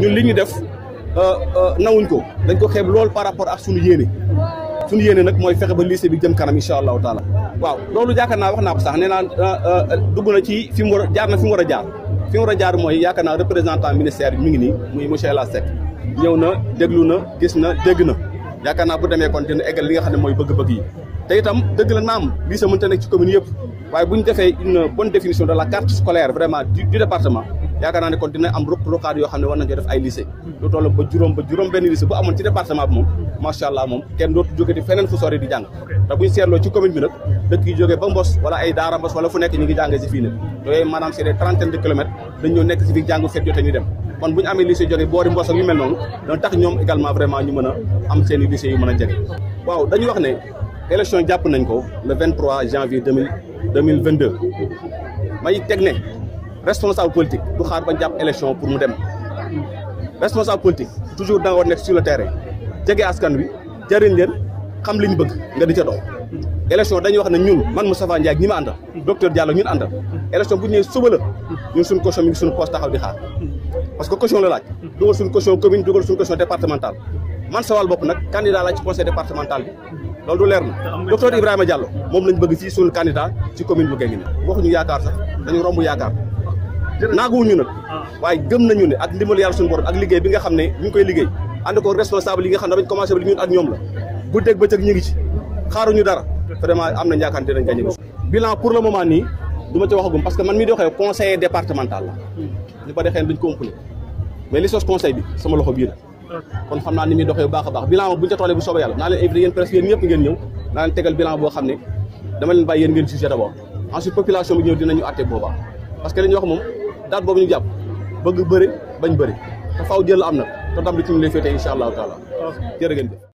ñun li ñu def euh, euh, nawuñ ko dañ ko xeeb lool par rapport ak suñu yéene suñu yéene nag mooy fexe ba lycée bi jëm kanam incha allahu taala waaw loolu yaakaar naa wax naa ko sax nee naa euh, dugg na ci fi war a jaar na fi war a jaar fi mu war a jaar mooy yaakaar naa représentant ministère mi ngi nii muy monsieur El Hadj ñëw na déglu na gis na dégg na yaakaar bu demee kon dina eggal li nga xam ne mooy bëgg-bëgg yi te itam dëgg la naam lycée mënta nekk ci commune bu ñu defee une bonne définition de la yaakaar naa ne kon dina am ruq ruqaat yoo xam ne war nañu def ay lycée lu toll ba juróom ba juróom benn lycée bu amoon ci département bi moom macha allah moom kenn dootu jóge di feneen fu sori di jàng te buñ seetloo ci commune bi nag dëkk yi ba mbos wala ay daara mbos wala fu nekk ñu ngi jàngee si fii nag yooyu maanaam c'est des trentaines de kilomètres dañ ñoo nekk si fi jàngu seet jote ñu dem kon bu amee lycée jógee boori mbos ak yu mel noonu dana tax ñoom a am a jege waaw dañu wax jàpp nañ ko le 23 janvier 2022 may teg ne responsable politique du xaar ba jàpp élection pour mu dem responsable politique toujours da nga nekk si le terrain jege askan wi jëriñ leen xam li ñu bëgg nga di ca dox. élection dañuy wax ne ñun man Moustapha Ndiaye ñi ma àndal docteur Diallo ñun àndal élection bu ñu nee suba la ñun suñu caution mi ngi suñu di xaar parce que caution la laaj dugal suñu caution commune dugal suñu caution départementale man sa wàll bopp nag candidat laa conseil départemental bi du leer na Ibrahima Diallo moom lañ bëgg fii suñu candidat ci commune bu Guinguinéo waxuñu yaakaar sax dañu romb naaguwuñu nag ah. waaye gëm nañu ne ak ndimbal yàlla suñu borom ak liggéey bi nga xam ne ñu ngi koy liggéey ànd ko responsable yi nga xam ne dañ ñu ngi ci xaaruñu dara vraiment am na yaakaar dinañ gagné bilan pour ma ci waxagum parce que man mii di waxee conseiller départemental la ñu bari xëy na duñ ko ëmpale mais li sos conseil bi sama ah. a baax bilan leen invité yéen ngeen ñëw naa leen tegal bilan population bi ñëw dinañu àtte boobaa parce que li wax moom date boobu ñu jàpp bëgg bëri bañ bëri te faw jël am na te ndam li ci ñu lay féetee incha allahu taala jërë ngeen